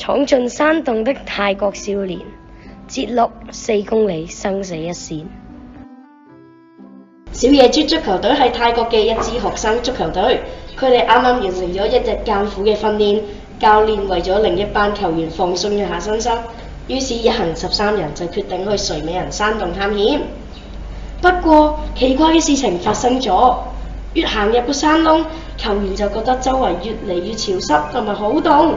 闖進山洞的泰國少年，節錄四公里生死一線。小野豬足球隊係泰國嘅一支學生足球隊，佢哋啱啱完成咗一日艱苦嘅訓練，教練為咗另一班球員放鬆一下身心，於是一行十三人就決定去睡美人山洞探險。不過奇怪嘅事情發生咗，越行入個山窿，球員就覺得周圍越嚟越潮濕同埋好凍。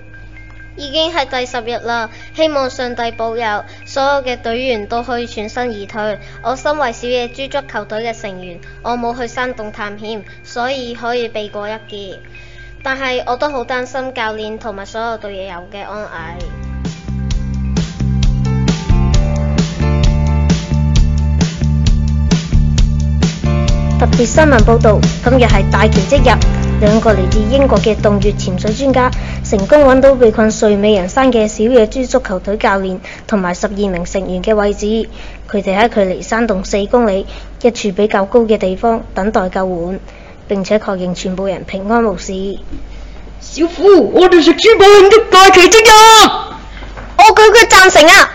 已經係第十日啦，希望上帝保佑，所有嘅隊員都可以全身而退。我身為小野豬足球隊嘅成員，我冇去山洞探險，所以可以避過一劫。但係我都好擔心教練同埋所有隊友嘅安危。特別新聞報道，今日係大奇蹟日。兩個嚟自英國嘅洞穴潛水專家成功揾到被困睡美人山嘅小野豬足球隊教練同埋十二名成員嘅位置，佢哋喺距離山洞四公里一處比較高嘅地方等待救援，並且確認全部人平安無事。小虎，我哋食豬寶嘅大奇迹啊！我舉腳贊成啊！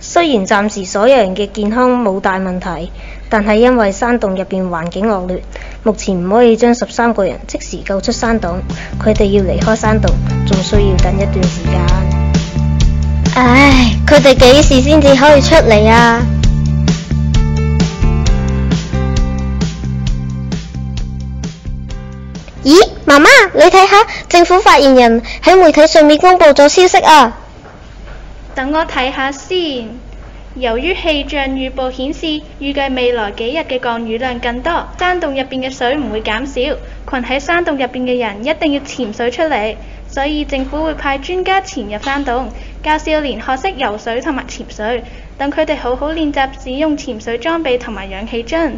雖然暫時所有人嘅健康冇大問題，但係因為山洞入邊環境惡劣。目前唔可以將十三個人即時救出山洞，佢哋要離開山洞，仲需要等一段時間。唉，佢哋幾時先至可以出嚟啊？咦，媽媽，你睇下，政府發言人喺媒體上面公布咗消息啊。等我睇下先。由於氣象預報顯示，預計未來幾日嘅降雨量更多，山洞入邊嘅水唔會減少，群喺山洞入邊嘅人一定要潛水出嚟。所以政府會派專家潛入山洞，教少年學識游水同埋潛水，等佢哋好好練習使用潛水裝備同埋氧氣樽。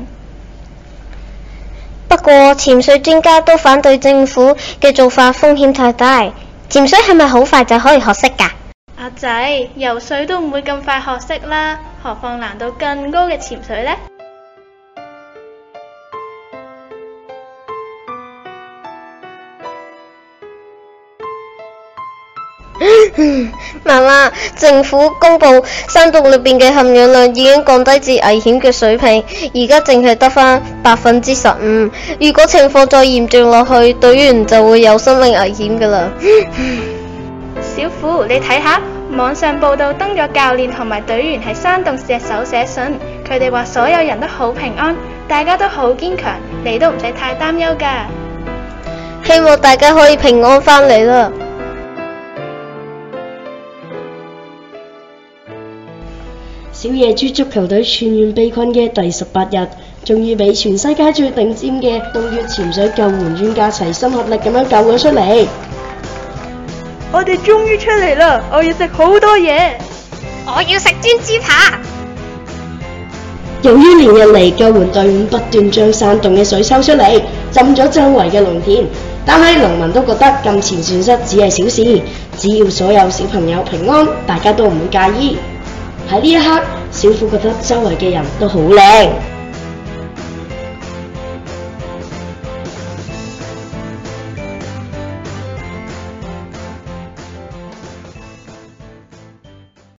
不過潛水專家都反對政府嘅做法，風險太大。潛水係咪好快就可以學識㗎？阿仔，游水都唔會咁快學識啦，何況難度更高嘅潛水呢？媽媽， 政府公布山洞裏邊嘅含氧量已經降低至危險嘅水平，而家淨係得返百分之十五。如果情況再嚴重落去，隊員就會有生命危險噶啦。 小虎，你睇下，網上報道登咗教練同埋隊員喺山洞嘅手寫信，佢哋話所有人都好平安，大家都好堅強，你都唔使太擔憂㗎。希望大家可以平安返嚟啦。小野豬足球隊全員被困嘅第十八日，仲要俾全世界最頂尖嘅洞穴潛水救援專家齊心合力咁樣救咗出嚟。.我哋終於出嚟啦！我要食好多嘢，我要食煎豬扒。由於連日嚟救援隊伍不斷將山洞嘅水抽出嚟，浸咗周圍嘅農田，但係農民都覺得咁前損失只係小事，只要所有小朋友平安，大家都唔會介意。喺呢一刻，小虎覺得周圍嘅人都好靚。